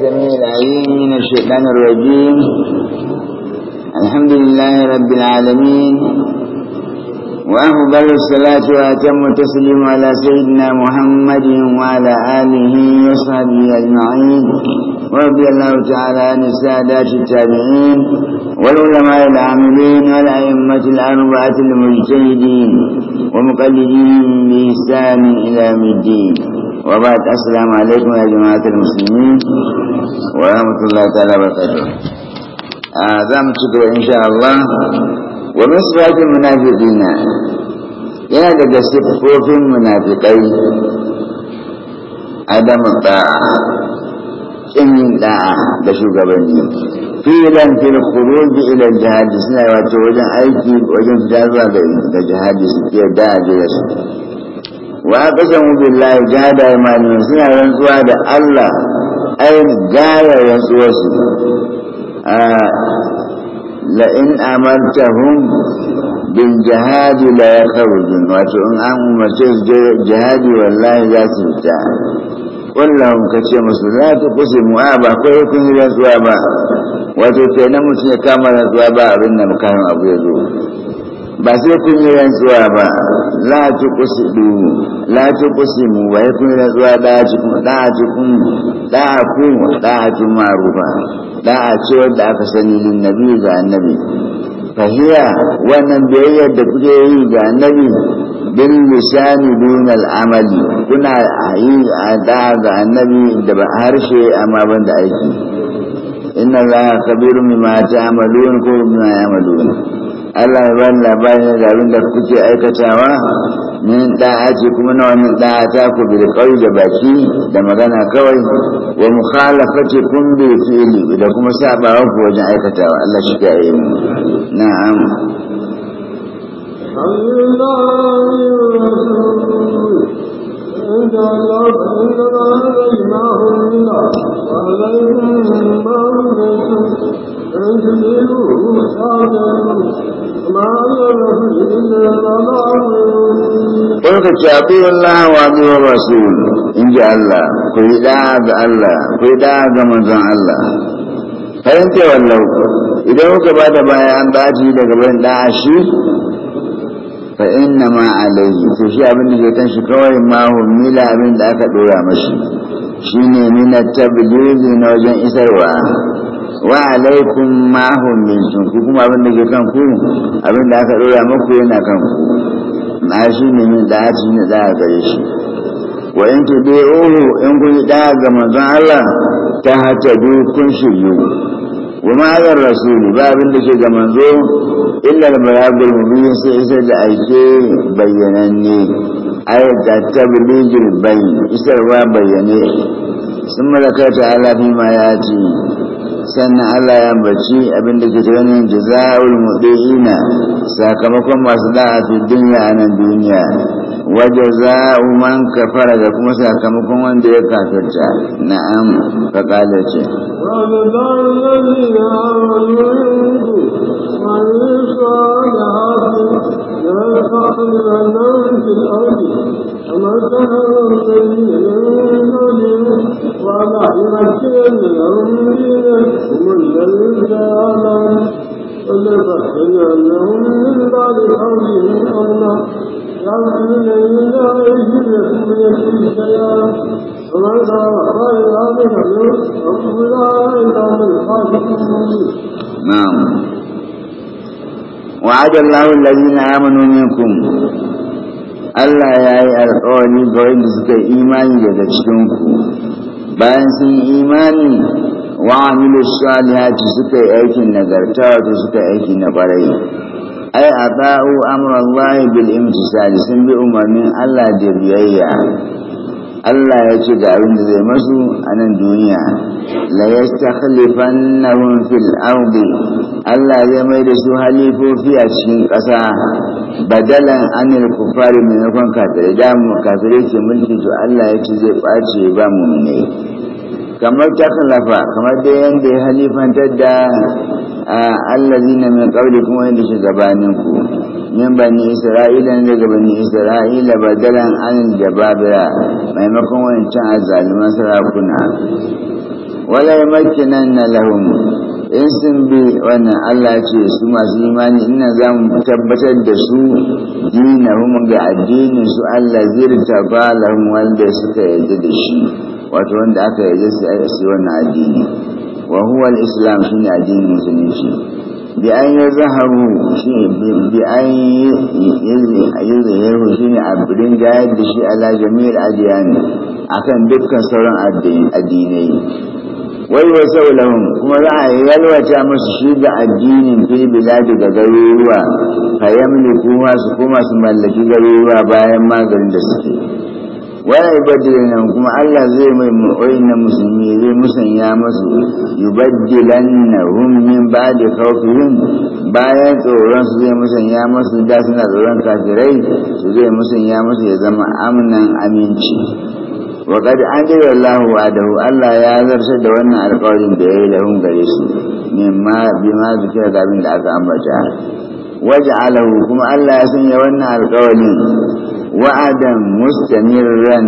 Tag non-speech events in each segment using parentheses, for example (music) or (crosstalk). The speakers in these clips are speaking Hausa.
سميع العليم من الشيطان الرجيم الحمد لله رب العالمين وأفضل الصلاة وأتم التسليم على سيدنا محمد وعلى آله وصحبه أجمعين ورضي الله تعالى عن السادات التابعين والعلماء العاملين والأئمة الأربعة المجتهدين ومقلدين بإحسان إلى يوم الدين وبعد السلام عليكم يا جماعة المسلمين ورحمة الله تعالى وبركاته أعظم شكرا إن شاء الله ومن صفات المنافقين yana daga siffofin munafikai adamu da'a ƙin da'a da shugabanni filan fil khuruj ila jihadi suna wato wajen aiki wajen fita zuwa ga jihadi su ke da'a da su wa kasan billahi jada imani suna rantsuwa da Allah ayin gaya la in amartahum bil jihadi la yakhrujun wa to in an umarce su jihadi wallahi za su fita kullum ka ce musu za ta kusa mu'a ba ko ya kun rantsuwa ba wato kenan musu ya kama rantsuwa ba abin da kan abu ya zo ba sai kun yi rantsuwa ba la ci kusi du la ci kusi mu ba ya kun yi rantsuwa da ci kun da ci kun da ku da ci marufa da ce wanda aka sani lin nabi ga annabi fahiya wannan biyayyar da kuke yi ga annabi bin lisani dun al'amali kuna yi a da ga annabi da ba harshe amma ban da aiki inna allaha khabirun bima ta'malun ko bima ya'malun Allah ya bani labarin da abin da kuke aikatawa min da'a ce kuma na wannan da'a ta ku bi kauri da baki da magana kawai wa mukhalafati kun bi fi'li da kuma sabawa ku wajen aikatawa Allah shi ya yi na'am إن الله إن الله عليهم ما هم انزلوا ka ce a Allah wa biyu rasu in ji Allah, ku yi ɗaya ga Allah, ku yi ɗaya ga manzon Allah. Fahimta wallau, idan kuka ba da baya an ɗaci daga bayan da shi, fa inna ma alayhi to shi abin da ke kan shi kawai ma mila abin da aka ɗora mashi. Shi ne mina tablighi na wajen isarwa. wa alaikum ma hum minkum ku kuma abin da ke kan ku abin da aka dora muku yana kan ku na shi ne min da shi ne da gare shi wa in tudi'uhu in kun yi da ga manzon Allah ta hata kun shiryu wa ma ga rasuli ba abin da ke ga manzo illa al-balagul mubin sai isa da aike bayyananne ayata tabligil bayn isarwa bayyane sun malaka ta'ala ma ya ce sannan Allah ya ambaci abin da ke cikin jaza'ul mudiina sakamakon masu da'a fi dunya a nan duniya wa jaza'u man kafara da kuma sakamakon wanda ya kafirta na'am fa qala ce ومن سهل الطيب من قبله ومحية الأمين كل الرجال ولبحر لهم من بعد حولهم أمنا يعمل إلى أجل كل شيئا ومن خير منهم أولئك هم الحاكمون نعم وعد الله الذين آمنوا منكم Allah ya yi alkawari ga wanda suka yi imani daga cikinku bayan sun yi imani wa amilu salihati suka yi aikin nagarta wato suka yi aiki na barai ai a ba'u bil imtisali sun bi umarnin Allah da biyayya Allah ya ce ga abin da zai masu a nan duniya la yastakhlifannahum fil ardi Allah ya mai da su halifofi a cikin ƙasa badalan anil kufari maimakon kafirai da mu kafirai ke mulki to Allah ya ce zai kwace ba mu ne kamar ta kalafa, kamar da yadda ya halifantar da na mai qabli kuma yadda shi gabanin ku min bani isra'ila ne daga bani isra'ila badalan an jababira maimakon wancan azzaluman sarakuna wala na lahun in sun bi wannan Allah ce su masu imani ina za mu tabbatar da su dinahum ga addinin su Allah zirta ba lahun wanda suka yarda da shi wato wanda aka yi zai a yi wannan addini wa huwa al-islam shine addinin musulunci bi an zaharu shi bi an ne a birin gayar da shi ala jami'ar adiyani akan dukkan sauran addinai wai wasau saulahun kuma za a yalwata masu shi da addinin fil biladi ga garuruwa fa su kuma su mallaki garuruwa bayan maganin da suke wala yubaddilan kuma Allah zai mai mu'ayna musulmi zai musanya masu yubaddilannahum min ba'di khawfihim bayan tsoron su zai musanya masu da suna tsoron kafirai su zai musanya masu ya zama amnan aminci wa qad anjala Allahu wa'adahu Allah ya zarce da wannan alƙawarin da yayi lahum gare su mimma bima zikira da abin da aka ambata waj'alahu kuma Allah ya sanya wannan alƙawarin wa'adan mustamirran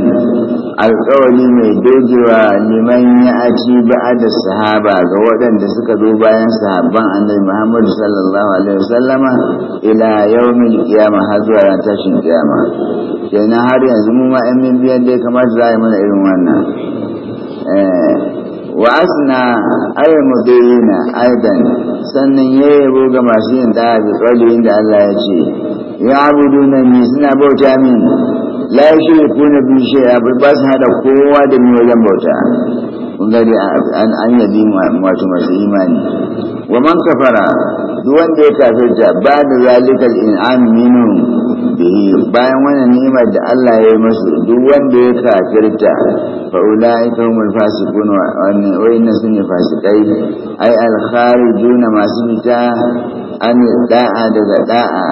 alkawari mai dogewa liman ya aci ba'ada sahaba ga waɗanda suka zo bayan sahaban annabi Muhammad sallallahu alaihi wasallama ila yawmin qiyama ran tashin qiyama kenan har yanzu mu ma min biyan da kamar za a yi mana irin wannan eh, wa asna al mudina aidan sannan ya yabo ga masu yin da bi da Allah ya ce ya'buduna ni suna bauta min la kuna bi shay'a ba su hada kowa da ni wajen bauta kun ga an yabi wato masu imani wa man kafara duk wanda ya kafirta ba da zalikal in'am minhu bihi bayan wannan ni'imar da Allah ya yi masu, duk wanda ya kafirta fa ulai kawmul fasiqun wa inna sunni fasiqai ay al kharijuna masu fita an da'a daga da'a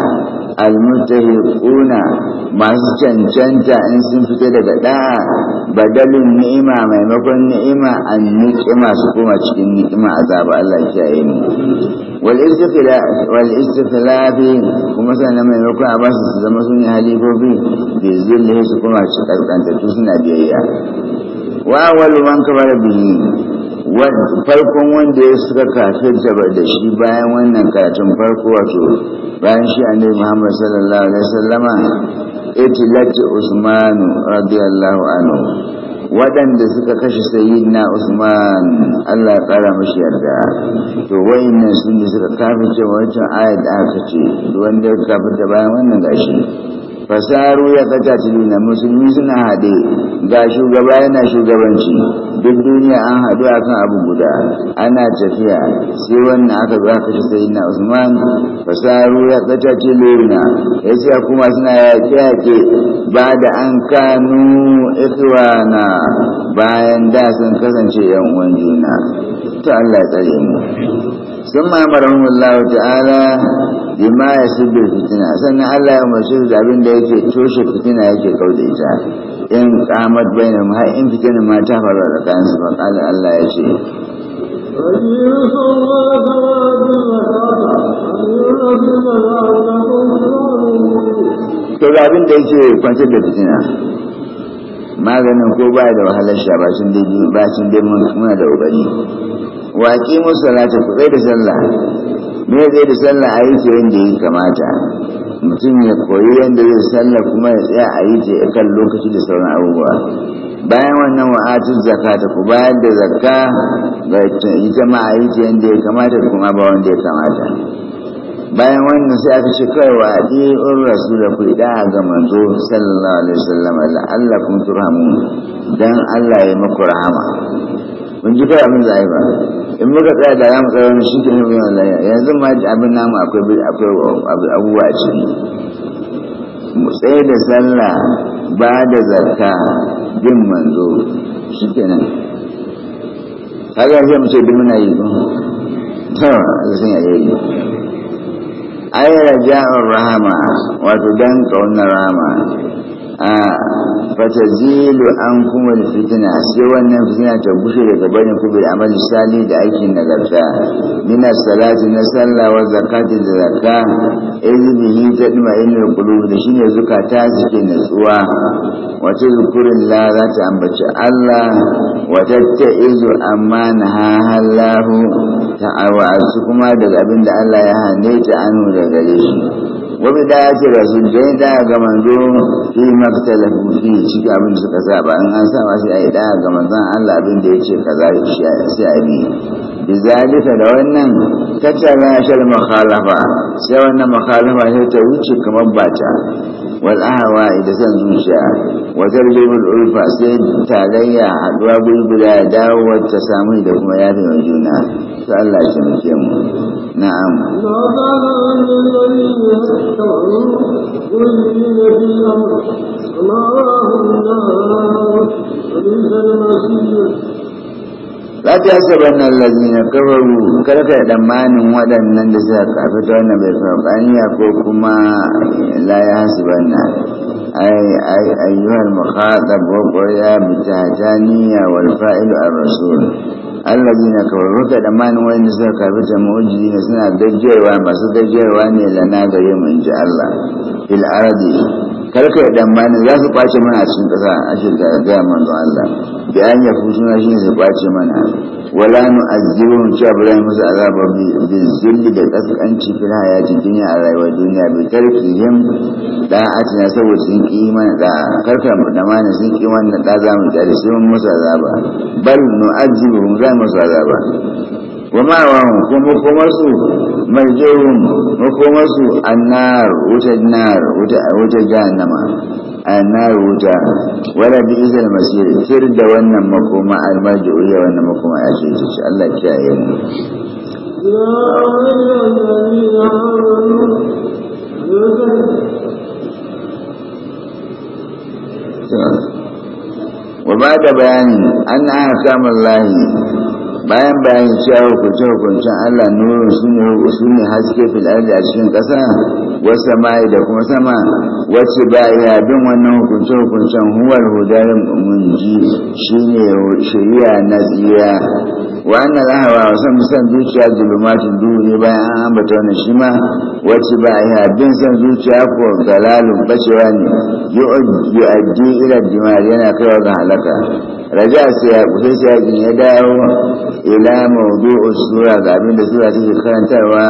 almutahiquna masu cancanta in sun fita daga da'a badalin ni'ima maimakon ni'ima an ni'ima su kuma cikin ni'ima a zaba Allah ya yi ni wal istikhlafi kuma sannan maimakon a basu su zama sun yi halifofi bi zilli su kuma su karkantattu suna biyayya wa wal wanka kabara bihi farkon wanda ya suka kafirta da shi bayan wannan katin farko wato bayan shi a muhammad sallallahu alaihi wasallama lati usmanu radiyallahu anhu waɗanda suka kashe na usman allah ya ƙara mashi yarda to wayannan sun da suka cewa wancan ayat aka ce wanda ya ta bayan wannan gashi fasaru ya kata tiluna musulmi suna haɗe ga shugaba yana shugabanci duk duniya an haɗu a kan abu guda ana tafiya sai wannan aka za ka shi sai na usman fasaru ya kata tiluna ya ce kuma suna yaƙe yaƙe ba da an kanu ikhwana bayan da sun kasance yan uwan juna to Allah ya tsare mu ثم أمرهم الله تعالى بما يسد الفتنة سنة الله يوم يسد أبن ديك توش الفتنة يكي قول إيسا إن قامت بينهم هاي إن فتنة ما تفر لكان فقال الله يسي to ga abin da yake kwantar da fitina maganin ko ba da wahalar sha ba sun dai muna da ubani waƙi musu salata ku da sallah me zai da sallah a ta yadda ya kamata mutum ya koyi yadda zai sallah kuma ya tsaya a ta kan lokaci da sauran abubuwa bayan wannan wa'atun zakata ku bayar da zakka ita ma a ya kamata kuma ba wanda ya kamata bayan wannan sai aka ce kawai wa adi'ur rasul ku ida ga manzo sallallahu alaihi wasallam kun turhamu dan Allah ya muku rahama mun ji kai abin zai ba in muka tsaya da yamma tsaya shi ke ne mai Allah yanzu ma abin namu akwai akwai abubuwa ce. ciki mu tsaye da sallah ba da zakka bin manzo shi kenan. kaga sai mu ce bin muna yi ta sai ya yi ai raja'un rahama wato dan kaunar rahama a fatazilu an kuma fitina sai wannan fitina ta gushe daga barin ku bil amali sali da aikin nagarta min salati na salla wa zakati da zakka ta tadma inil qulub da shine zukata suke natsuwa wato zukurin la za ta ambaci Allah wajatta izu amana ha halahu ta awa su kuma daga abinda Allah ya hane ta anu daga gare shi wani da ya ce ga sun jini ta ya gama zuwa su yi makata da kuma su ka an an sama shi a yi ta ya gama zan Allah abin da ya ce ka za a shi a yi a yi bi a jika da wannan kacce na shi da makalafa sai wannan makalafa ne ta wuce kamar bata wal'ahawa idan zan zuwa shi a wajen lebur ulfa sai ta ganya a duwa gulgula ya dawo wata sami da kuma ya fi yau juna sa'alla shi mu na'am يستطيعون قل في الأمر الله الله فليس المسيح la ta allazina kafaru ka damanin waɗannan da suka kafa ta wannan bai farfaniya ko kuma la ya hasbanna ay ay ayyuhal mukhatab wa qul ya bitajaniya wal fa'ilu ar-rasul alladina kafaru ka da mani wani suka kafirta ne suna gajiyarwa masu gajiyarwa ne lana gare mu ji Allah fil ardi karka da mani za su kwace mana a cikin ƙasa a shirka da gaya manzo Allah da an yafi suna shi su kwace mana wala nu azibun cewa bala musu azaba bi zulli da kaskanci fil hayati duniya a rayuwar duniya bi yin da atina saboda sun imani da karka da mani sun imani da za mu kare sun musu azaba bal nu azibun za musu azaba wa ma'awahu kuma makomarsu marjihun makomarsu annar wuta nar wuta jahannama annar wuta wala bi izal masir da wannan makoma almarji uya wannan makoma ya ce shi Allah kiyaye mu wa ba da bayanin an bayan bayan cewa hukunce hukuncin Allah nuru su ne haske fil ardi a cikin ƙasa wasu sama'i, da kuma sama wacce ba ya bin wannan hukunce hukuncen huwar hudarin munji shine shari'a na tsira wannan wa san san zuciya zulumatin duhu ne bayan an ambata wannan shi ma wacce ba ya bin san zuciya ko galalun bacewa ne yu'addi ila dimar yana kaiwa ga halaka raja sai yaƙin ya dawo ila maudu'u sura ga abin da sura take karantarwa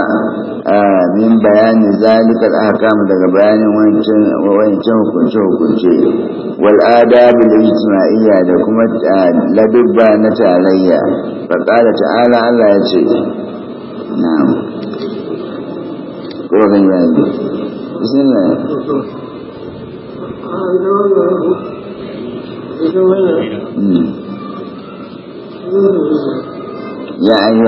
abin bayanin zalikal ahkamu daga bayanin wancan wancan hukunce hukunce wal adabul ijtima'iyya da kuma ladubba na tarayya fa qala ta'ala Allah ya ce يا أيها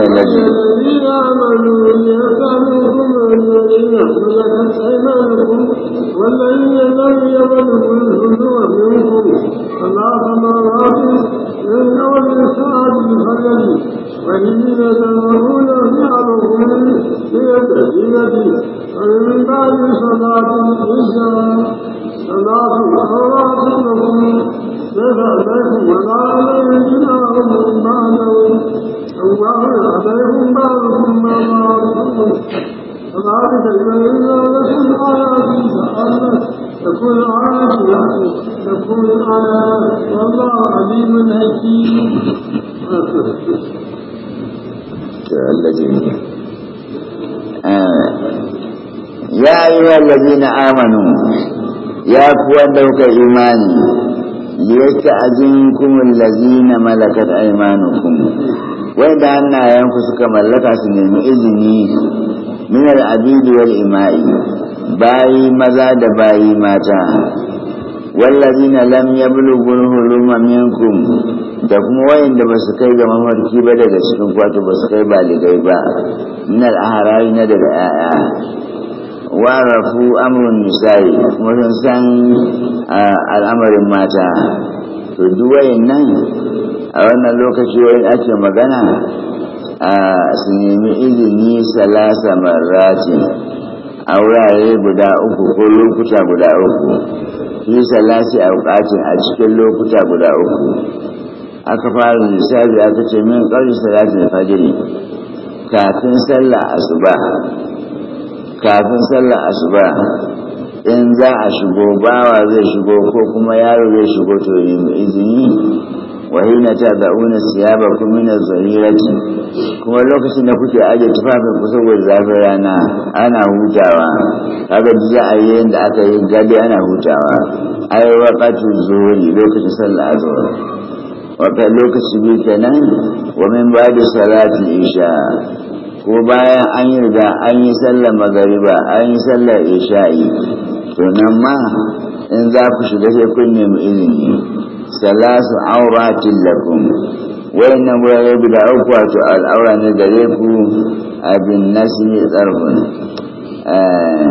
الذين آمنوا يا قوم الذين أحلفت أيمانكم والذين لم allazina amanu ya kuwa dauka imani liyasta'zinkum allazina malakat aymanukum wanda hannayenku suka mallaka su nemi izini min al'abidi wal ima'i bayi maza da bayi mata wallazina lam yablughul huluma minkum da kuma wayanda ba su kai ga mafarki ba daga cikin kwato ba su kai baligai ba min al na daga 'ya'ya warafu amrun nisa'i kuma sun san al'amarin mata to duwayen nan a wannan lokaci wurin ake magana a su nemi izini salasa marratin a wurare guda uku ko lokuta guda uku fi salasi a bukatin a cikin lokuta guda uku aka fara nisa'i aka ce min ƙarfi salatin fajiri kafin sallah asuba kafin sallar asuba in za a shigo bawa zai shigo ko kuma yaro zai shigo to izini wahina ta da'una siyaba kuma min zahirati kuma lokacin da kuke aje tufafin ku saboda zafin rana ana hutawa kaga za a yi yanda aka yi gadi ana hutawa ai waqatu zuhuri lokacin sallar azhar wata lokaci biyu kenan wa min ba'da salati isha ko bayan an yi riga an yi sallar magariba an yi sallar isha'i to nan ma in za ku shiga sai kun nemi izini salasu auratin lakum wayannan wurare guda uku wato al'aura ne gare ku abin nasi tsarfin eh,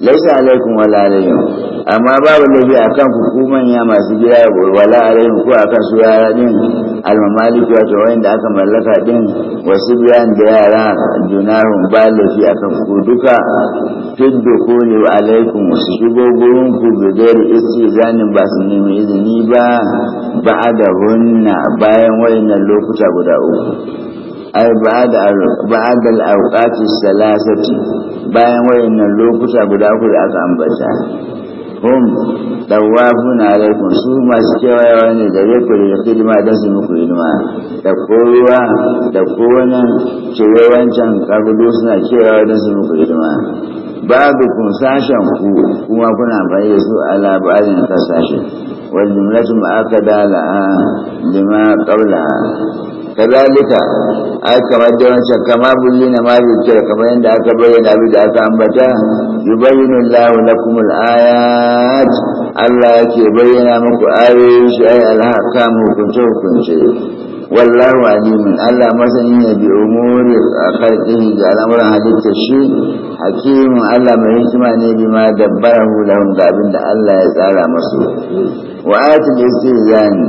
laisa alaikum wala alaihim amma babu laifi akan hukuman ku masu gida wala alaihim ko akan su yara din almamaliki wato wanda aka mallaka din wasu biyan da yara dinarun ba laifi akan ku duka fiddu kuni alaikum su shigo gurin ku dare isi zanin ba su nemi izini ba ba da hunna bayan wayannan lokuta guda uku ai ba da da salasati bayan wayannan lokuta guda uku da aka ambata hum na alaikum su masu kewayawa ne da zai kuri da hidima don su muku hidima da kowa da kowane cewayawancan kagudu suna kewayawa don su muku hidima babu kun sashen ku kuma kuna amfani da su a labarin kasashe wajen jimlatu ma'aka da la'a lima ƙaula kazalika ai kamar jiran bulli na ma yukira kamar yadda aka bayyana abin da aka ambata yubayyinu Allahu lakum al-ayat Allah yake bayyana muku ayoyin shi ay al hukunce hukunce wallahu alimun Allah masani ne bi umuri khalqihi da al'amuran halitta shi hakimin Allah mai hikima ne bi ma dabbarahu lahum da abin da Allah ya tsara masu wa ayatul istizani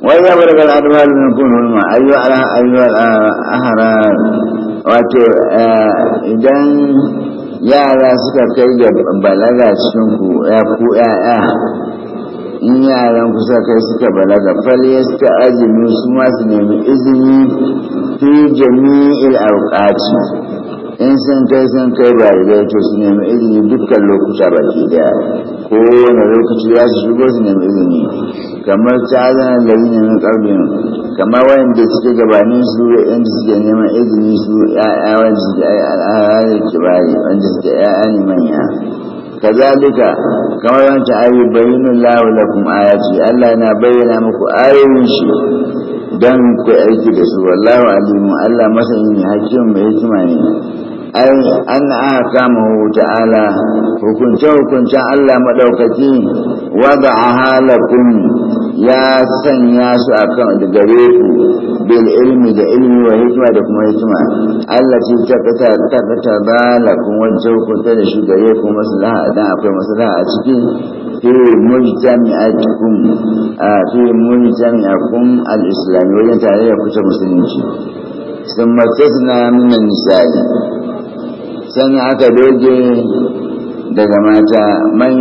wai ya balaga al'adwar min kun hulma ayyu ahara wato idan yara suka kai ga balaga cikin ku ya ku ya'ya in yaran kusa kai suka balaga falyas ta azumi su masu nemi izini fi jami'il auqati in san kai san kai ba da to su nemi izini dukkan lokuta ba ke daya kowane lokaci za su shigo su nemi izini kamar ta zana da yi neman karbin kamar wayanda suke gabanin su da suke neman izini su ya'ya wanda suke al'ada kibari wanda suke ya'ya ne manya kazalika kamar wancan ayi bayyana da kuma ayati Allah yana bayyana muku ayoyin shi dan ku aiki da su wallahu alimu Allah masani ne hakim mai hikima ne an wuta ta'ala hukunce hukuncen Allah madaukaki wada halakum ya sanya su akan gare ku bil ilmi da ilmi wa hikima da kuma hikima Allah ce ta kata ta kata balakum wajen hukunta da shi gare ku maslaha idan akwai maslaha a ciki fi mujtami'atikum fi a al-islami wajen tare da kusa musulunci sun matasna min nisa'i sanya aka doge daga mata man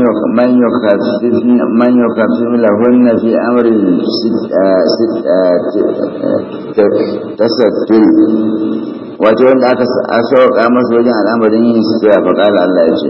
simila kafin lahunna fi amurin uh, uh, tasattul wato wanda aka sauka masu wajen al'amarin yin sutura faƙala Allah ya ce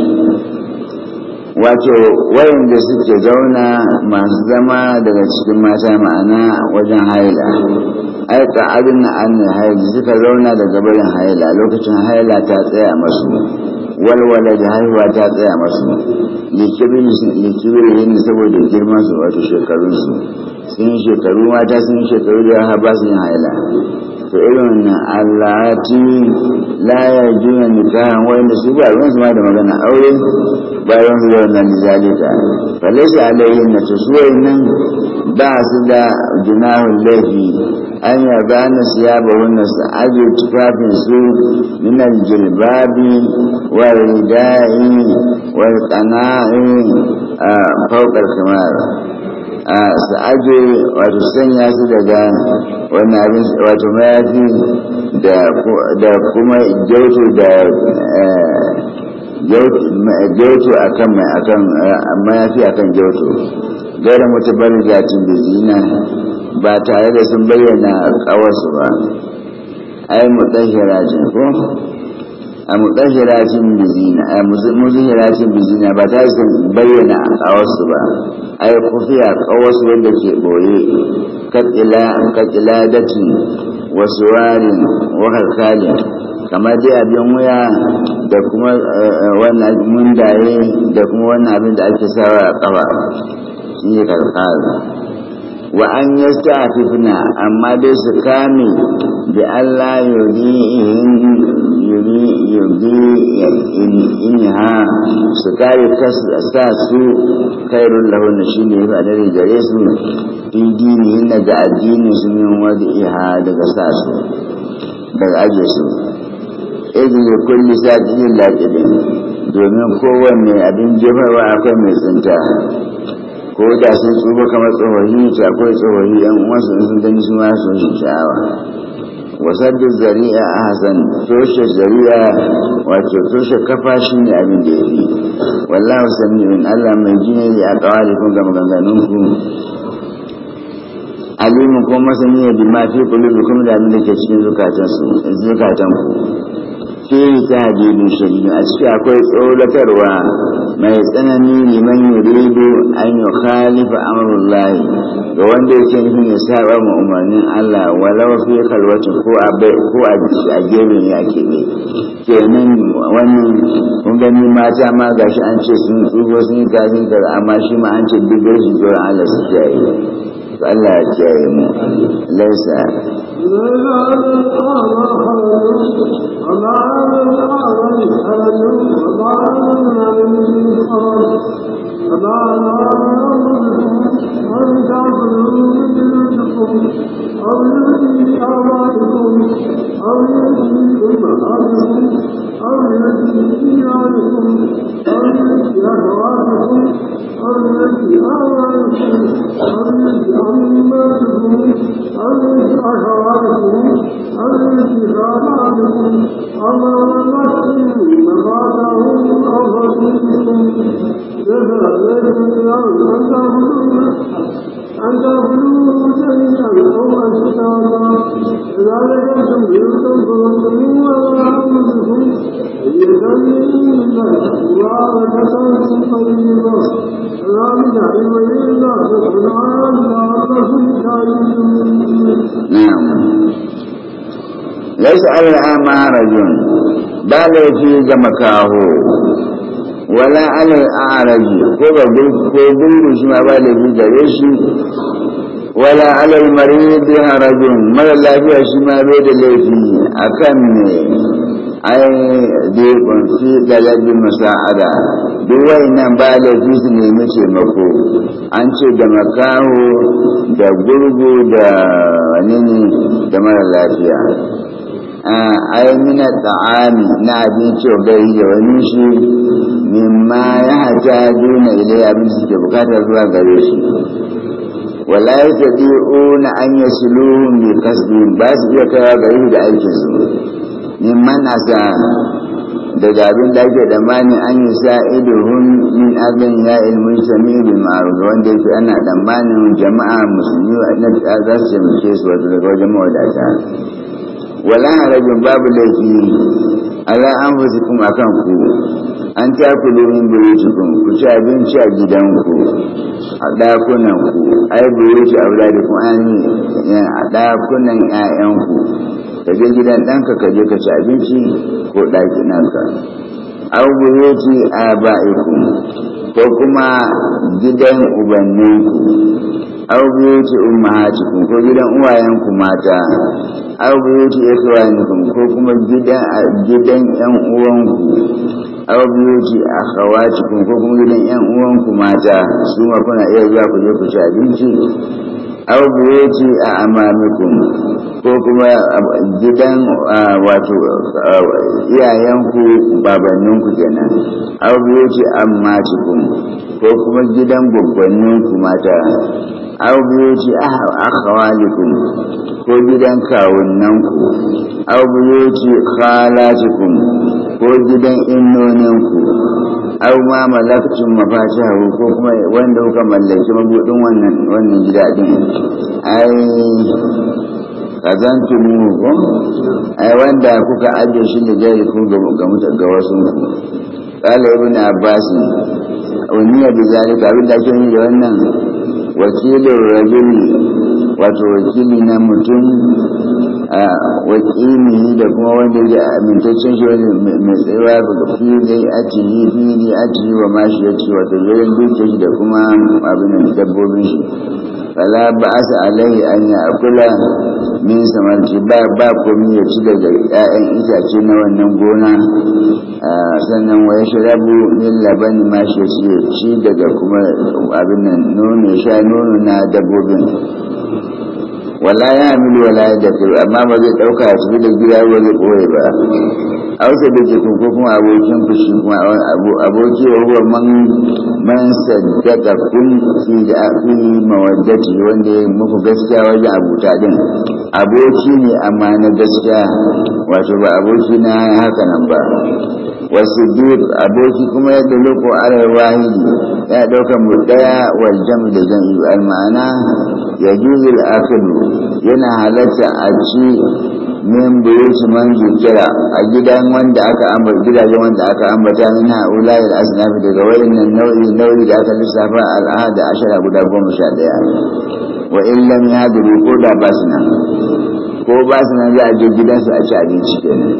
wato wayanda suke zauna masu zama daga cikin mata ma'ana wajen haila ai na an haila suka zauna daga barin haila lokacin haila ta tsaya masu walwala da haihuwa ta tsaya masu likibirin saboda girman su wato shekarunsu sun shekaru mata sun shekaru da ba su yin haila fi'il al'ati la yarjuna nikahan wanda su ba ma da magana aure ba ruwansu da wannan lizalika falaisa alaihi na to su nan ba su da jinahun laifi an ba na siya ba wannan su ajiye tufafin su minal jilbabi wal ridai wal qana'i fawqa su aje wato sanya su daga wani abin wato mayafi da kuma gyautu da gyautu eh, a kan eh, mayafi a kan gyautu gaira mutu bari zatin da zina ba tare da sun bayyana kawarsu ba ai mu ɗan ko a mutahiratin bizina a muzahiratin bizina ba ta su bayyana a kawarsu ba a yi kufiya kawarsu wanda ke boye kakiladacin wasu warin wakarkali kamar dai abin wuya da kuma wannan mundaye da kuma wannan abin da ake sawa a kafa shi ne karkara wa an yasta amma dai su kame da Allah yurihin inha su kare sa su kairun lahunna shi ne ba da gare su fi dini na ga addini su min wadda iha daga sa su daga aje su izin da kulli sa jinin laƙiɗin domin kowanne abin jefarwa akwai mai tsinta ko da sun tsufa kamar tsohoni ta akwai tsohon tsohoni yan uwansu sun gani su ma sun sha'awa wasaddu zari'a ahzan toshe zari'a wato toshe kafa shi ne abin da ya fi wallahu sami'un allah mai jini ne a kawali kun ga maganganun ku alimin kuma masani ne bi ma fi kulubukum da abin da ke cikin zukatan ku ta tahdidun shadidun a ciki akwai tsoratarwa mai tsanani ne man yi yuridu an amurin layi ga wanda yake nufin ya saba ma umarnin Allah walau fi kalwacin ko a bai ko a a ne ke kebe kenan mata ma ga shi an ce sun tsugo sun yi kasin amma shi ma an ce duk shi zuwa Allah su Allah ya kiyaye mu laisa أو يؤتي أعمالكم أو يؤتي ديناركم أو ملك أهوالكم أو ملك آبائكم أو ملك أمتكم أو ملك أشراركم أو ملك آبائكم أو ملكتم مفاتهم أو رسولكم جزاء لكم الله أن تأخذون أن تأخذوا أنفسنا أو أنفسنا إذا ذكرتم جلتم فذكروا على أنفسكم يذلل الله وعلى كسرة طيبة ذلك علم الله سبحانه لعلكم تعلمون نعم laisa al'ama rajun ba laifi ga makaho wala alal a'raji ko ba ko gungu shi ma ba laifi gare shi wala alal marid harajun mara lafiya shi ma bai da laifi akan ne ai da ya kunshi galabin musa'ada duk nan ba laifi su mace mako an ce da makaho da gurgu da wani da mara lafiya Aimina ta'ami na abinci wa gari da wani shi mimma ya hata duna ilai abinci suke bukatar zuwa gare shi wala ya tafi na an yi suluhun bi ba su iya kaiwa gari da aikin su mimma na sa daga abin da ake da mani an yi sa hun min abin ya ilmin sami bi ma'aruf wanda yake ana mani jama'a musulmi wa na za su taimake su wata daga wajen mawadata wala harajin babu laifi ala an fusi a akan ku an ta ku domin buyutukun ku ci abinci a gidanku a ɗakunan ku ai buyutu a wula da kuma a ɗakunan 'ya'yanku ka je gidan ɗanka ka je ka ci abinci ko ɗakinanka an buyuti a ku. ko kuma gidan ubanninku aw buyuti ummahatikum ko gidan uwayenku mata aw buyuti ikhwanikum ko kuma gidan gidan yan uwanku aw buyuti akhawatikum ko kuma gidan yan uwanku mata su ma kuna iya zuwa ku je ku ci abinci aw buwuti a amamikum ko kuma gidan wato iyayenku babanninku kenan aw a ammatikum ko kuma gidan gwaggwanninku mata aw a ah, akhawalikum ko gidan kawunnanku aw buwuti khalatikum ko gidan innoninku aw ma malaktum mafatihahu ko kuma wanda kuka mallaki mabudin wannan wannan gida din ai kazantu mu ko ai wanda kuka ajiye shi da jari ko ga mutu ga wasu kala ibn abbas wani ya bi zalika abin da ake da wannan wakilin rajuli wato wakili na mutum a wakili da kuma wanda ya amintaccen shi wani mai tsayawa ga ne a cikin ne a cikin wa mashi ya ce wato yayin dukiyar da kuma abin dabbobin shi fala ba'asa a sa alaihi an yi akula min samarci ba ba komi ya ci daga 'ya'yan itace na wannan gona sannan waya shirabu min laban ma shi ya ci daga kuma abin nan nono sha nono na dabbobin wala ya hamilu wala ya dafiru amma ba zai ɗauka ya tafi da gida ba zai ɓoye ba ausa da ke ko kuma abokin fushi kuma aboki wa ruwa man man saddaka kun fi da fi mawaddati wanda ya muku gaskiya waje abuta din aboki ne amma na gaskiya wato ba aboki na haka nan ba wasu duk aboki kuma yadda loko alal wahidi ya dauka mu daya wal jam da jan al ma'ana ya juzul akilu yana halatta a ci min buyuti man zukira a gidan wanda aka ambata gidajen wanda aka ambata min haula al asnaf daga wayannan nau'i nau'i da aka lissafa al ahada ashara guda goma sha daya wa in lam yadru ko da ba su ko ba su za a je gidansu a ci abinci kenan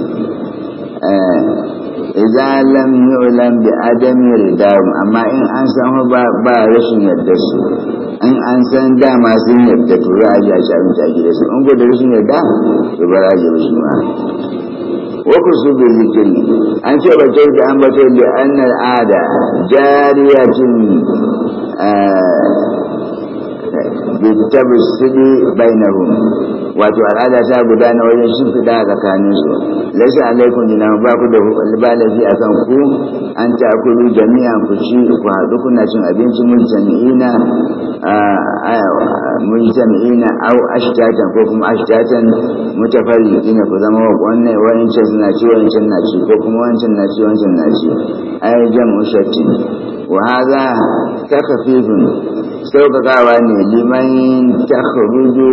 eh, idza lam yu'lam bi adami ridahum amma in an san ba ba rashin yadda su in an san ma sun yadda to za a ji a ci abinci a gida su in ko da rashin yadda to ba za a ji ba shi ma wa ku su bi zikir an ce ba ce da an ba ce da an al'ada jariyatin tabsidi bainahum wato al'ada ta guda na wajen shimfiɗa a tsakanin su laisa alaikum dina ba ku da ba laifi a kan ku an ta kulu jami'an ku ci ku haɗu kuna cin abinci mun jami'ina mun jami'ina au ashtatan ko kuma ashtatan mutafarriqina ku zama wannan ce na ci wani ce na ci ko kuma wani ce na ci wani ce na ci ai jami'u shatti wa hadha takfifun sauƙaƙawa ne liman takhruju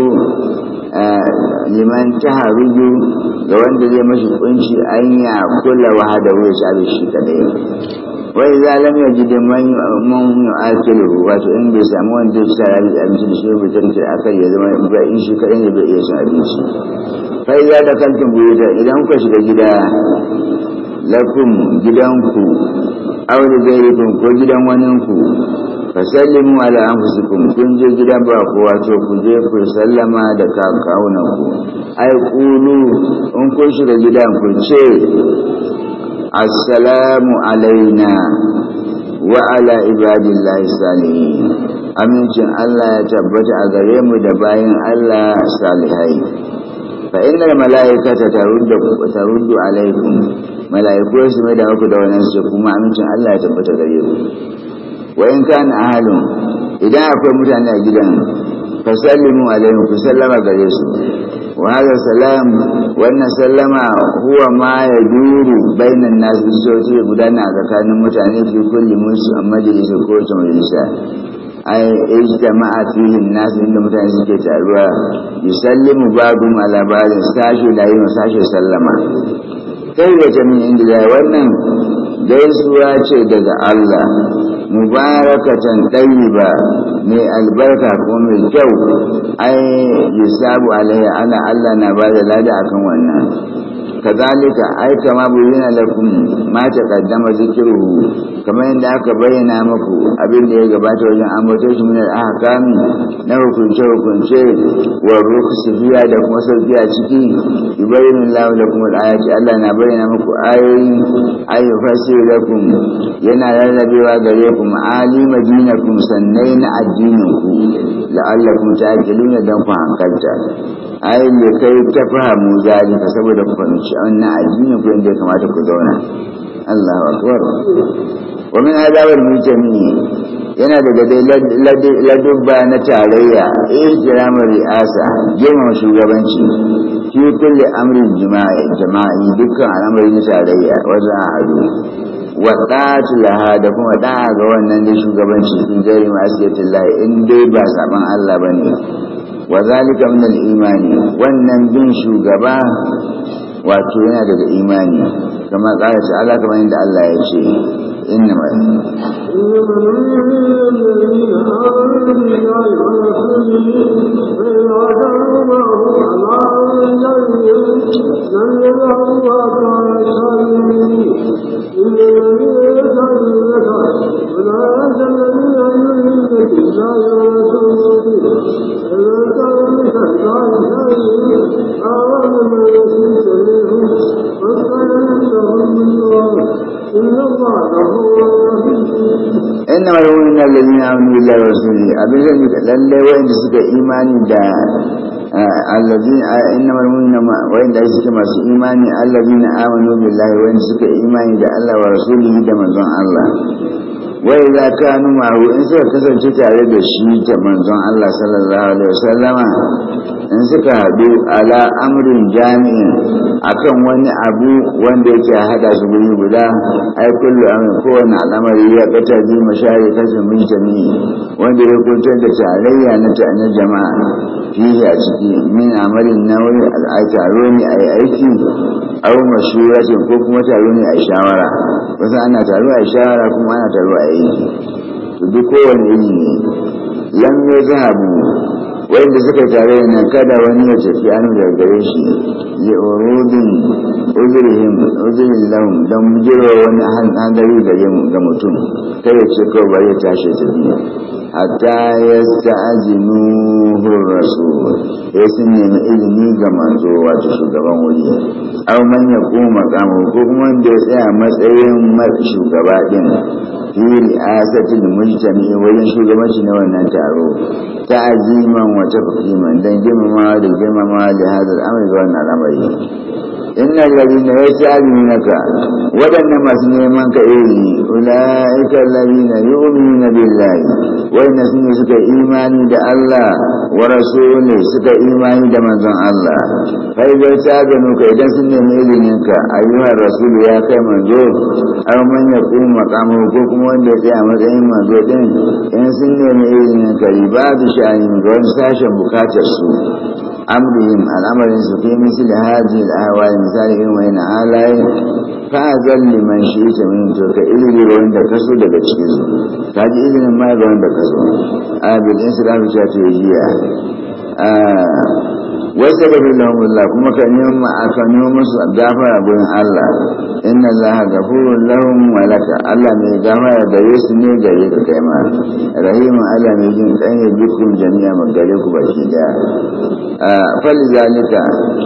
Eh, liman taharuju ga wanda zai mashi kunci an ya kula wa da ya shabe shi kadai wai za lam ya ji da man yu'akilu wato in bai samu wanda ya da abinci da shi bai tantar akai ya zama ba in shi kadai ne bai iya cin abinci da idza dakaltum buyuta idan ku shiga gida lakum gidanku aure da ko gidan waninku fasallimu ala anfusikum kun je gidan ba kowa to ku je ku sallama da kakauna ku ai kulu in kun shiga gidan ku ce assalamu alaina wa ala ibadillahi salihin amincin Allah ya tabbata a gare mu da bayan Allah salihai fa inna malaikata taruddu tarudu alaikum malaiku su mai da ku da wannan su kuma amincin Allah ya tabbata gare ku wayan kana ahalun idan akwai mutane a gidan fasallimu alaihi ku sallama gare su wa hada salam wannan sallama huwa ma ya duru bainan nas sosai gudana a tsakanin mutane fi kulli musu a majalisa ko ta majalisa ai jama'a fihi nas inda mutane suke taruwa yusallimu ba'dhum ala labarin sashi da yi sashi sallama kai wajen inda ya wannan gaisuwa ce daga Allah mubarakatan ɗayiba mai albarka ko mai kyau ai yusabu alaiya ana Allah na bada da lada akan wannan kazalika ai kama bayyana lakum ma taqaddama zikruhu kamar yadda aka bayyana muku abin da ya gabata wajen ambato shi min al-ahkam na hukunce hukunce wa rukhsi fiya da kuma sauki a ciki yubayyinu Allahu lakum al-ayati Allah na bayyana muku ayoyi ay yufasiru lakum yana rarrabewa gare ku ma'alima dinakum sannai na addinin ku la'allakum ta'qiluna dan ku hankalta ai ne kai ta fahimu zalika saboda ku fahimci na addini ko inda ya kamata ku zauna Allahu akbar wa min mu yana da da ladubba na tarayya ihtiramar ri'asa girmama shugabanci fi kulli amri jima'i jama'i dukkan al'amari na tarayya wajen ahadu wa ɗatu laha da kuma da ga wannan da shugabanci in gari ma asibitin in dai ba saban Allah ba ne wa zalika min al-imani wannan bin shugaba wato yana daga imani kamar ƙara ala kamar yadda Allah ya ce inna ma Thank (laughs) you. abin zai da lallai wayanda suka imani da allazina innamal mu'minuna wanda suke masu imani allazina amanu billahi wanda suka imani da Allah wa rasulihi da manzon Allah wai za ka hu in suka kasance tare da shi ta manzon Allah sallallahu alaihi wasallama in suka haɗu ala amrin jami'in akan wani abu wanda yake hada su guri guda ai kullu an kowane al'amari ya kata ji mashari kasu min jami'i wanda ya kuntar da tarayya na ta'anar jama'a fihi a ciki min amarin nauyi a taro ne a aiki au ce ko kuma taro ne a shawara wasu ana taro a shawara kuma ana taro a aiki duk kowane iri ne yan ne zahabu wanda suka tare na kada wani ya tafi an gargare shi li urudin uzrihim uzrin lahum dan jiro wani hankali gare mu ga mutum kada ce ko ya tashi tafi hatta nuhun rasu. ya sun nemi ilimi ga manzo wato shugaban wuri aw man yaqumu maqamu ko kuma wanda ya tsaya matsayin shugaba din fi ri'asatil mujtami wajen shugabanci na wannan taro ta'ziman wajen iman don girmama da girmama da hadar amurka wannan al'amari inna lalina ya sha'ari naka masu neman ka iri ula'ika lalina yi umini na billahi wanda su ne suka imani da Allah wa rasuli suka imani da manzon Allah kai zai gano ka idan sun nemi izinin ka ayyuhar rasul ya kai manzo aw man yaqum makamu ko kuma wanda ya tsaya matsayin manzo din in sun nemi izinin ka ribadu sha'ani ga wani sashen bukatar su amrihim al'amarin su fi misi da haji da hawa misali irin wani na halaye ka azal liman shi ita min to ka izini ga wanda ka so daga cikin su ka ji izinin ma ga wanda ka so a bil insirafi ta ce jiya wasu da fi lahumullah kuma ka nema a yi musu gafara gurin Allah inna Allah gafurun lahum laka Allah mai gafara da yesu ne gare ka kai ma rahimun Allah mai jin kai dukkan jami'a magare ku baki A fal zalika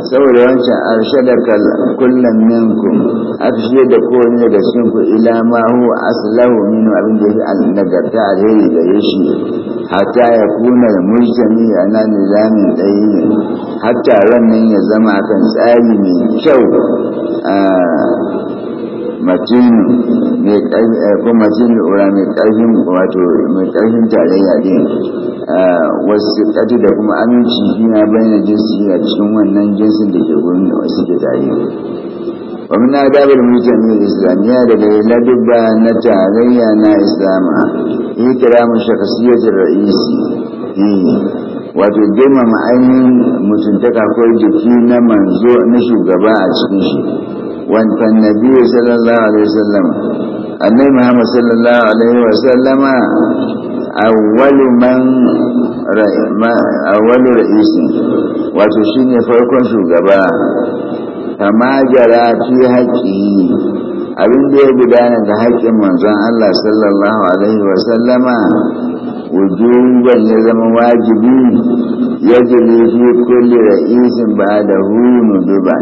saboda wancan arshadaka kullum minkum afshe da kowane da cikin ku ila ma hu aslahu min abin da yake nagarta alheri da shi hatta ya kuna mujtami ana nizamin dai hatta wannan ya zama kan tsari mai kyau a matinu ko matinu ura mai ƙarfin wato mai ƙarfin tarayya din wasu ƙati da kuma aminci yana bayan jinsi a cikin wannan jinsin da ke gurin da wasu ke tare wa muna dabar mutum ne islamiyya da dai ladubba na tarayya na islama ikira mu shakasiyyar ra'isi eh. wato girmama ainihin mutuntaka ko jiki na manzo na shugaba a cikin shi wantan nabi sallallahu alaihi wasallam annai muhammad sallallahu alaihi wasallama awwalu man awwalu ra'isi wato shine farkon shugaba kama jara fi haƙƙi abin da ya gudana ga haƙƙin manzon Allah sallallahu alaihi wasallama wujuban ya zama wajibi ya jiri kulle da izin ba da hunu duba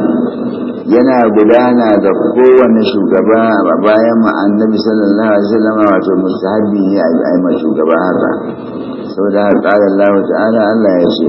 yana gudana ga kowane shugaba a bayan annabi sallallahu alaihi wasallam wato mustahabi ya yi ma shugaba haka saboda haka Allah ta'ala Allah ya ce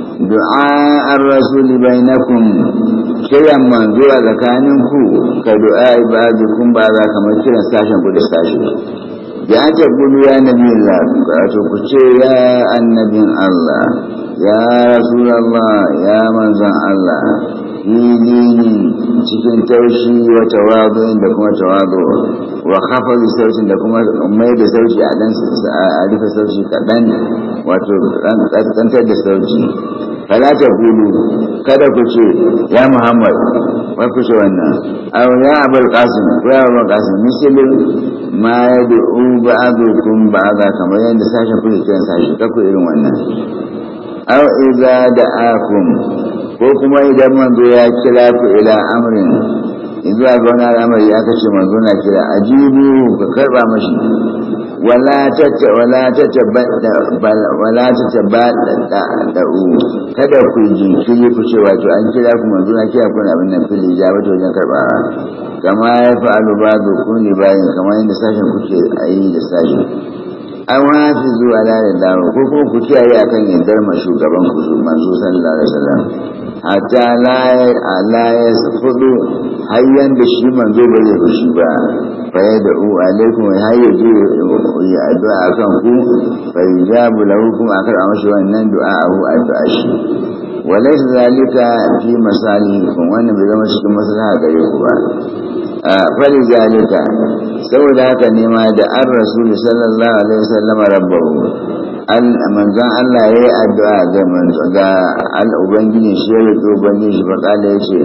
du'a ar-rasul bainakum kiran manzo a ku ka du'a ibadikum ba za kamar kiran sashen ku da sashi da ce gudu ya nabi Allah wato ku ce ya annabin Allah ya rasul ya manzon Allah filini cikin taushi wa tawadu da kuma tawadu wa da sauci da kuma mai da sauci a dan a rufe sauti kaɗan wato kankantar da sauci fala ta gulu kada ku ce ya muhammad wa ku ce wannan aw ya abul qasim ko ya abul qasim misalin ma yad'u ba'dukum ba'da kamar yadda sashen kuke kiran sashi kako irin wannan aw idza da'akum ko kuma idan manzo ya kira ku ila amrin in zuwa ga wani al'amari ya kashe manzo na kira ajibu ka karba mashi wala ta taba da kada ku jinkiri ku ce wato an kira ku manzo na kira ku na abin nan fili ya wato wajen karba kama ya fa'alu ba da kuni bayan kamar yadda sashen kuke yi da sashen ai wani su zuwa lalin daro ko kuma ku kiyaye a kan yardar ma shugaban ku manzo sallallahu alaihi wasallam hatta laye su fudu hayyan da shi manzo ba zai fushi ba Faye da u alaikum ya hayya ji ya addu'a kan ku fa yujabu lahu kuma akar mashi wannan du'a a ahu addu'a shi fi ذلك kun wannan bai zama cikin a gare ku ba fali zalika saboda haka nema ma da an rasul sallallahu alaihi وسلم ربه manzan Allah ya yi addu'a ga ga al'ubangiji shi ya roƙi ubangiji faƙala ya ce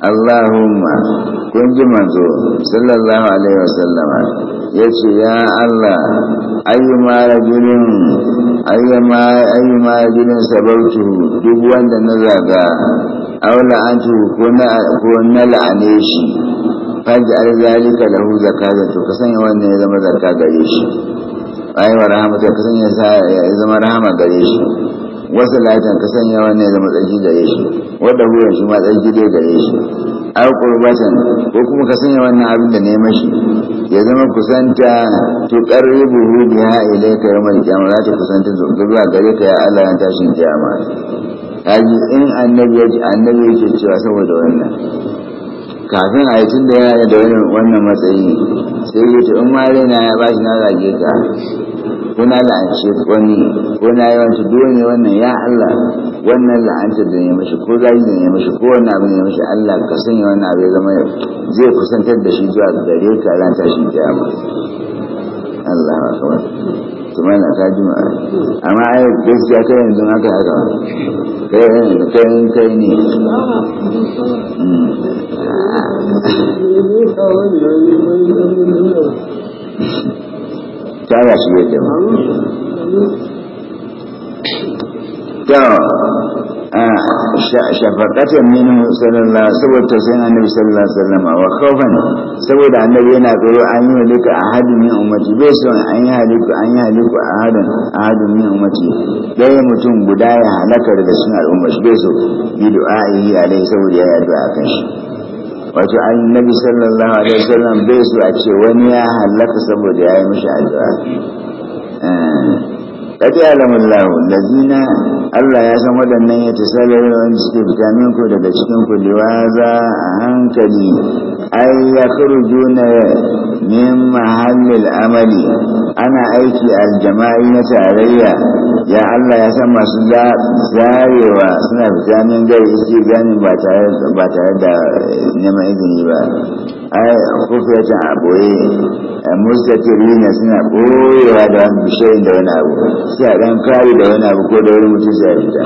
Allahumma kun ji manzo sallallahu alaihi wasallama ya ce ya Allah ayyuma rajulin ayyuma ayyuma rajulin sabautu duk wanda na zaga aula an ko na ko na la'ane shi faj'al zalika lahu zakatan to ka sanya wannan ya zama zakka gare shi ayyuwa rahama ta kasan ya sa ya zama rahama gare shi wasu latin kasan ya wannan ya zama tsarki gare shi wadda huwa shi ma tsarki dai gare shi aw qurbatan ko kuma kasan ya wannan abin da neman shi ya zama kusanta to qarribuhu biha ilayka mai qiyamah za ta kusanta zuwa gare ka ya Allah yan tashin kiyama kaji in annabi ya annabi ya ce cewa saboda wannan kafin a yi tun da yana da wannan matsayi sai yi in ma na ya bashi na zage ka kuna la'ance wani kuna yawanci dole wannan ya Allah wannan la'antar da ne mashi ko zagi da ne mashi ko wannan abu ne mashi Allah ka sanya wannan abu ya zama zai kusantar da shi zuwa gare ka shi ta kiyama Allah akbar kuma na ta juma'a amma ai gaskiya kai yanzu aka haka kai yanzu kai kai ne hmm. ta ya shi yadda ma Ah, shafaqatan minhu sallallahu saboda sai annabi sallallahu alaihi wasallam wa khawfan saboda annabi yana tsoro an yi duka ahadin min ummati bai so an yi haliku an yi haliku ahadin ahadin min ummati dai mutum guda ya halaka daga cikin al'umma shi bai so bi du'a'i alaihi saboda ya yarda akan shi wato annabi sallallahu alaihi wasallam bai so a ce wani ya halaka saboda ya yi mishi addu'a ah. قد allah ya الذين الله يا سن ودنن يتسالون wani suke bukamin ku daga cikin ku liwaza a hankali Ai ya ay yakhrujuna min mahallin amali ana aiki a jama'i na tarayya ya Allah ya san masu zarewa suna bukamin gari suke gani ba tare da neman izini ba ai kufiyatan a boye mustatirina suna koyewa da wani bishirin da wani abu su a ɗan kari da wani abu ko da wani mutu sai rita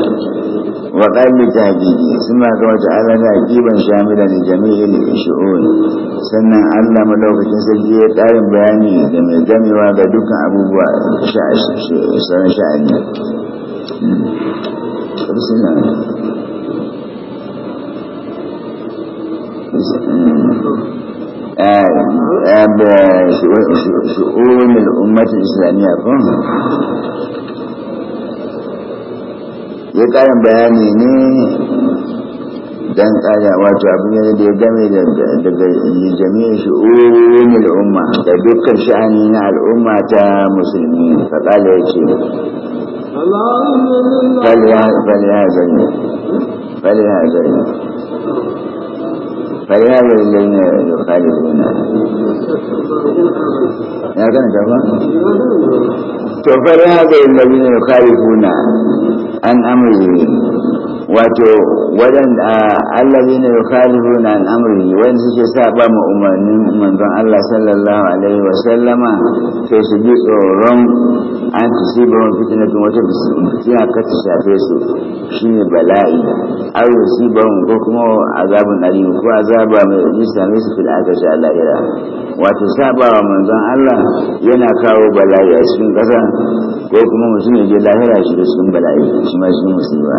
wa ƙalli ta hakiki suna ga wata alaka kiban shamila da jami'in shi'un sannan allah malaukakin sarki ya ƙarin bayani da mai gamewa ga dukkan abubuwa sauran sha'ani Thank شؤون الأمة الإسلامية كون ya karin bayani ne don kara wato abin da ya game daga jami'in shi'urin al'umma da dukkan sha'ani na al'umma ta musulmi faɗaɗa ya ce bal ya zai فلهذا الذين يخالفون يا كان كما فلهذا الذين يخالفون عن أمره wato waɗanda allazi ne ya khalifu na al'amuri wani suke sa ba mu umarnin manzon Allah sallallahu alaihi wa sallama sai su ji tsoron an ta shi ba mafi tunatun wata fitina ka ta shafe su shi ne bala'i au ya shi ba ko kuma azabin alimu ko azaba mai yi same su da aka sha lahira wato sabawa manzon Allah yana kawo bala'i a cikin ƙasa ko kuma mutum ya je lahira shi da cikin bala'i shi ma cikin musulma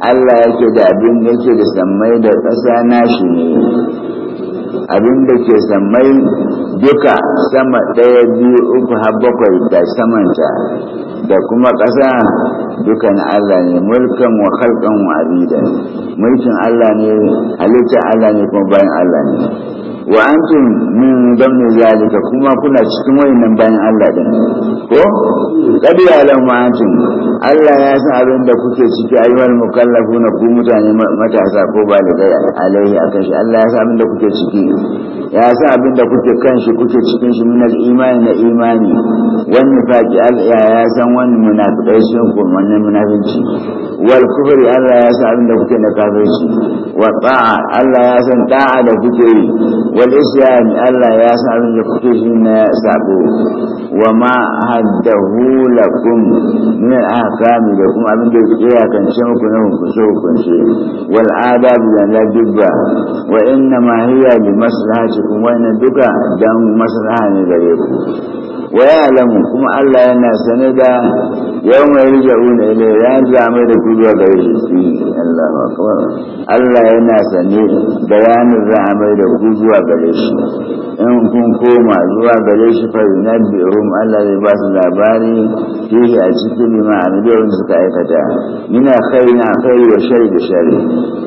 Allah yake da abin da yake da sammai da ƙasa na shi ne abin da ke sammai duka sama ɗaya biyu uku har bakwai da samanta da kuma ƙasa dukan Allah ne mulkan wa khalqan wa abida mulkin Allah ne halitta Allah ne kuma bayan Allah ne wa antum min damni zalika kuma kuna cikin wayannan bayan Allah din ko kadi alam ma antum Allah ya san abin da kuke ciki ayyuhal mukallafuna ku mutane matasa ko baligai alaihi akan shi Allah ya san abin da kuke ciki ya san abin da kuke kan shi kuke cikin shi min al-imani na imani wani faqi al ya san Wani munafikai sun munafi munafinci wal kufri Allah ya san abin da kuke na kafirci wa Allah ya san ta'a da kuke yi wal isyan Allah ya san abin da kuke shi na sabo wa ma haddahu lakum min ahkami da kuma abin da ya kance muku na hukunce hukunce wal adab da ladibba wa inna ma hiya bi maslahatikum wa inna duka dan maslaha ne gare ku wa ya'lamu kuma Allah yana sane da yawma yarja'una ilayhi zama da zuwa gare shi shi Allahu akbar Allah yana sane bayanin ra'amai da ku zuwa gare shi in kun koma zuwa gare shi fa yunabbi'um Allah zai ba su labari fihi a cikin lima amilun suka aikata kai na kai wa shari da sharri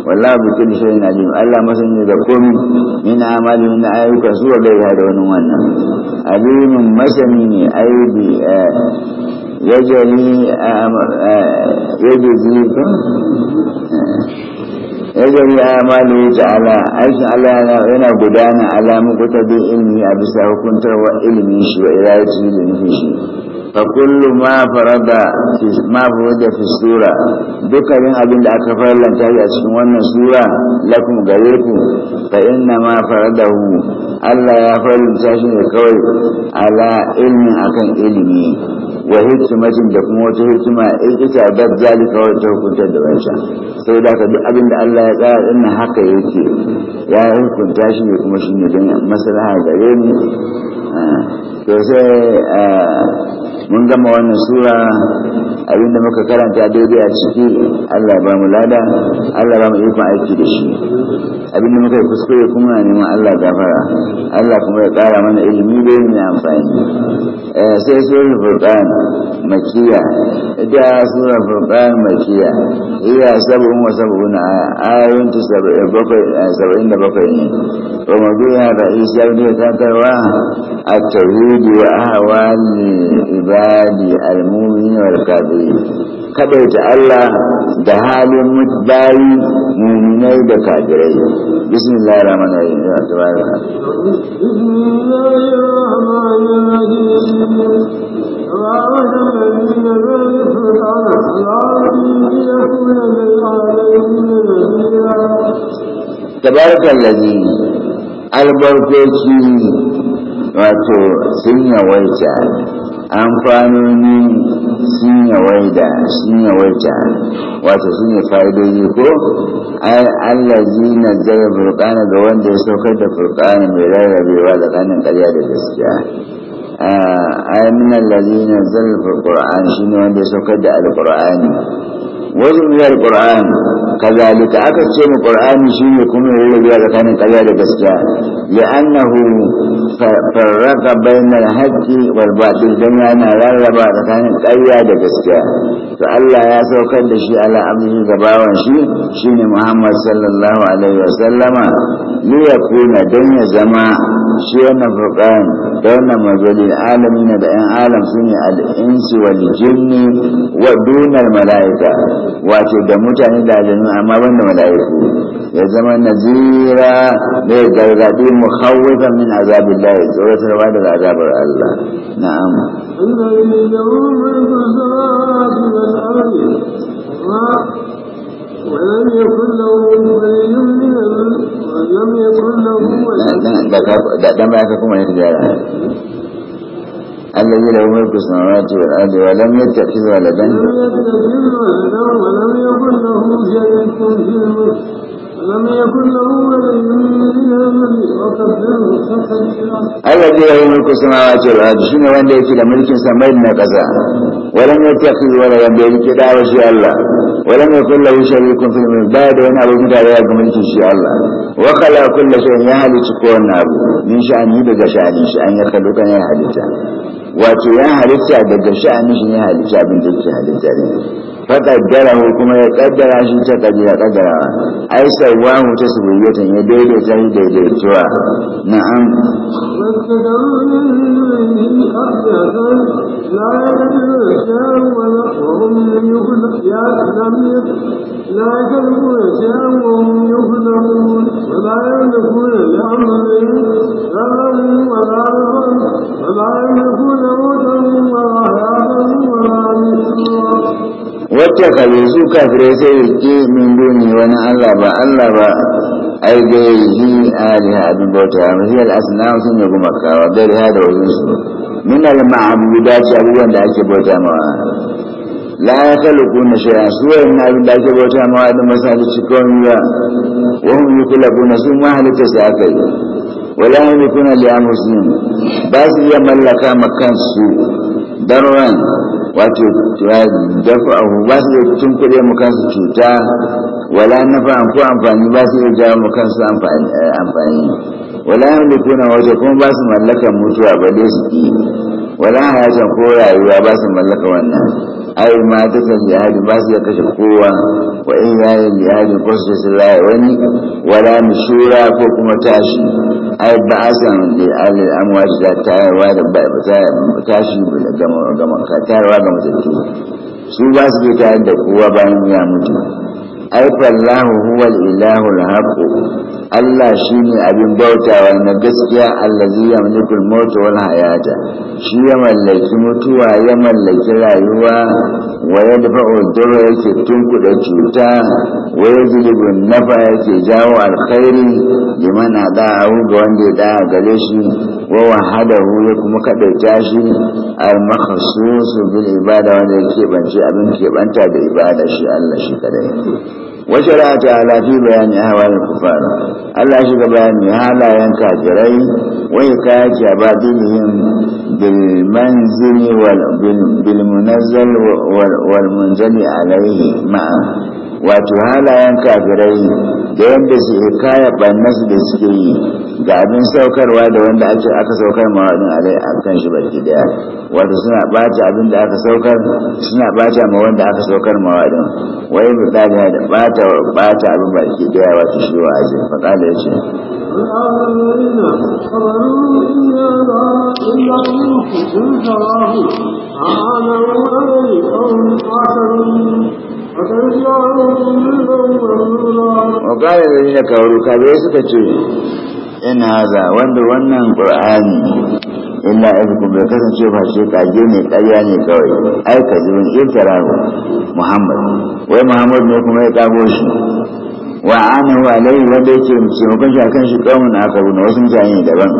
wallahi bi kulli shay'in alim Allah masani da komai mina amali min ayyuka zuwa gare da wani wannan alimin masani ne aibi eh, yajari amalu ta'ala aikin Allah yana gudana alamun kuta bin ilmi a bisa hukuntar wa ilimin shi wa ilayaci da nufin shi فكل ما فرض ما فرض في السوره دوكا من ابن اكفر لن تهي اسكن سوره لكم غيركم فانما فرضه الله يغفر الجاهل القوي على علم اكن علمي وهكما جن da kuma wata hikima ita da dajjali kawai ta hukunta da wancha sai da ka duk abin da Allah ya tsaya ina haka yake ya hukunta shi ne kuma shi ne dan masalaha gare ni to mun gama wannan sura abinda muka karanta daidai a ciki Allah ba mu lada Allah ba mu ikon aiki da shi abinda muka yi kuskure kuma neman Allah gafara Allah kuma ya ƙara mana ilimi da yin amfani eh, sai sura furqan makiya da sura furqan makiya iya sab'un wa sab'una ayatun sab'in eh, da bakwai ne ba wa mazuya da isa ne ta karwa at-tawhid wa ahwal ibadi al-mu'min wal kafir kada ta Allah da halin mutbayi muminai da kafirai bismillah rahman rahim ya tabaraka tabarakan lazi albarkoci wato sun yawaita amfanoni sun yawaita sun da wato sun yi fa'idoji ko ai allazi na zai ga wanda ya saukar da furkana mai rarrabewa tsakanin ƙarya da gaskiya ayyaminan lalina zalfa ƙura'ani shi ne wanda ya saukar da alƙura'ani wajen biya alƙura'ani kazalika aka ce mu ƙura'ani shi ne kuma ya yi biya tsakanin ƙarya da gaskiya li'annahu farraka bainal haqqi wal batil dan yana rarraba tsakanin ƙarya da gaskiya to Allah ya saukar da shi ala abdihi gabawan shi ne Muhammad sallallahu alaihi wa sallama liyakuna don ya zama shi wannan furqan da wannan mazalil alamin da yan alam sune al al'insu wal jinni wa malaika wato da mutane da aljanu amma da malaiku ya zama nazira da gargadi mukhawifan min azabillah tsoratarwa daga azabar Allah na'am inna ولم يكن له ولي من ولم يكن له ده ما الذي له ملك السماوات والأرض ولم ولم يتخذ ولدا ولم يكن له شريك في الملك Allah ce ya yi mulkin samawa ce ba shi ne wanda yake da mulkin samai na ƙasa walam ya ta fi wala wanda yake dawo shi Allah walam ya kulla yi sharikun fil mulk ba da wani abu da ya ga mulkin shi Allah wa kala kulla shan ya halici ko wannan abu min sha'ani daga sha'ani shi an yarka kalukan ya halitta wato ya halitta daga sha'ani shi ya halitta abin da yake halitta ne faƙaddarahu kuma ya kaddara shi ta ƙaddara ƙaddarawa ai sauwahu ta subuyyatan ya daidaita shi daidaituwa na'am لا يكلفون شيئا وهم يهلكون ولا يملكون لأمرهم ضرا ولا ربا ولا يملكون موتا Wata kabe su kafirai sai rike min duni wani Allah ba Allah ba ai da yi aliha abin bauta ya mafi al'asina sun yi gumaka wa gari ha da wajen su min al-ma'abuda ce abubuwan da ake bauta mawa la ya kaluku na shaya su wayan abin da ake bauta mawa da masu halicci kawai ba wahun yi kula kuna su ma halitta su aka yi wala yamlikuna li anfusihim ba su iya mallaka ma su darran wato dafa'ahu ba su iya tunkuɗe mu su cuta wala nafa'an ko amfani ba su iya jawo mu su amfani wala yamlikuna waje kuma ba su mallaka mutuwa ba dai su ki wala hayatan ko rayuwa ba su mallaka wannan ai ma dukkan jihadi ba su ya kashe kowa wa in yayi jihadi ko su su laye wani wala mushura ko kuma tashi ai ba a san lihali amwaji da tayarwa da ba tashi ka tayarwa ga matattu su ba su tayar da kowa bayan ya mutu ai fallahu huwa ilahu al Allah Allah shine abin bautawa na gaskiya allazi yamliku al mota wal hayata shi ya mallaki mutuwa ya mallaki rayuwa wa yadfa'u ad-darra yake tunkuda cuta wa yajlibu nafa yake jawo alkhairi da da'ahu ga wanda ya da gare shi wa hu ya kuma kadaita shi al-makhsus bil ibada wanda ya bance abin keɓanta da ibada shi Allah shi kadai wace ra'a ta halafi bayani a hawa da allah shi ga bayani halayen kafirai wai ka yake ba dinihin bilman zini wato halayen kafirai da yadda su kaya da suke yi ga abin saukarwa da wanda ake aka saukar ma wani a kan shi barki daya wato suna ɓata abin da aka saukar suna ɓata ma wanda aka saukar ma wani wai mu da ɓata bata abin barki daya wato shi wa aje faɗa da ce wakala da shi ka kabe suka ce ina haza wanda wannan ƙur'ani illa ilkum bai kasance ba shi kage ne ƙarya ne kawai ai ka ji mun intara muhammad wai muhammad ne kuma ya kago shi wa ana wa alai wanda yake kan shi akan shi kawun aka wasu mutane daban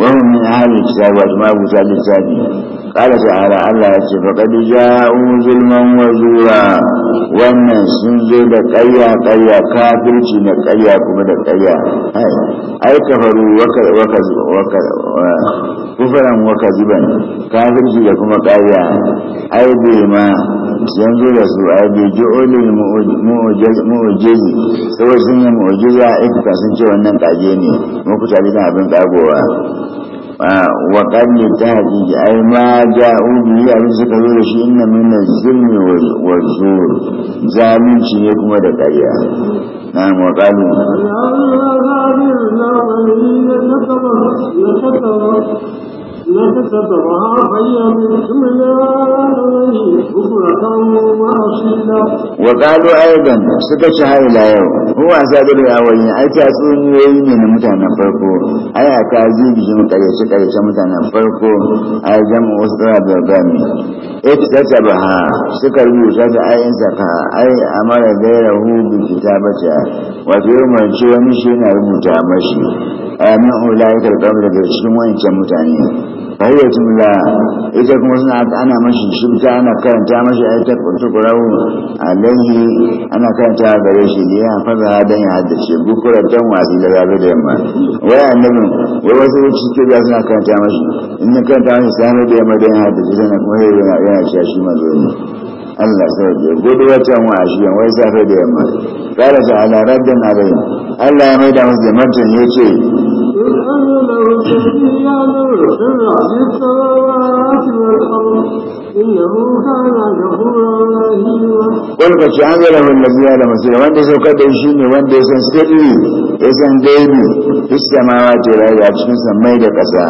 wahum min ahli kitabi wa jama'u littafi ƙara ta'ala Allah ya ce faƙad ja'u zulman wa zura wannan sun zo da ƙarya ƙarya kafirci da ƙarya kuma da ƙarya ai ka kafaru kufaran wa kaziban kafirci da kuma ƙarya ai bai ma sun zo da su ai bai ji'olin mu'ujizi saboda sun yi mu'ujiza ita sun ce wannan ƙage ne mu kuta abin ƙagowa wa ƙarni ta haɗi da ai ma ja ubi suka zo da shi inna nuna zirmi wa ne kuma da ƙarya na wa ƙarni ta haɗi لك تبرها وقالوا أيضا سكة شهر لا يوم هو أسابر الأولين أي تأسون يوين من متعنى فرقو أي أكازي بجمع قريش قريش متعنى فرقو أي جمع وسطرة بالغامي اكتسبها سكة الموجة أي انسكها أي أمر غيره بالكتابة وفي يوم الشيء ونشينا المتعمشي a min ulai ka da daga cikin wancan mutane fahiyatul la ita kuma suna ana mashi ta ana karanta mashi ayatul qur'an alaihi ana karanta gare shi ne ya fara dan ya haddace bukuran tan wasi da zabi da yamma wai annabi wai wasu cikin da suna karanta mashi in karanta mashi sai da yamma dan ya haddace sannan kuma yana a shi manzo ne Allah sauke gudu wacan wa ashiyan wai safe da yamma kala ta ala raddin alayhi Allah ya maida musu da ya ce ka ci an zara wanda zuwa da masu wanda ya saukar da shi ne wanda ya san sirri ya san daidai fuska ma wace rayuwa cikin samai da ƙasa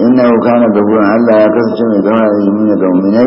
inna hukana da buwan Allah ya kasance mai zama da yi ga mummina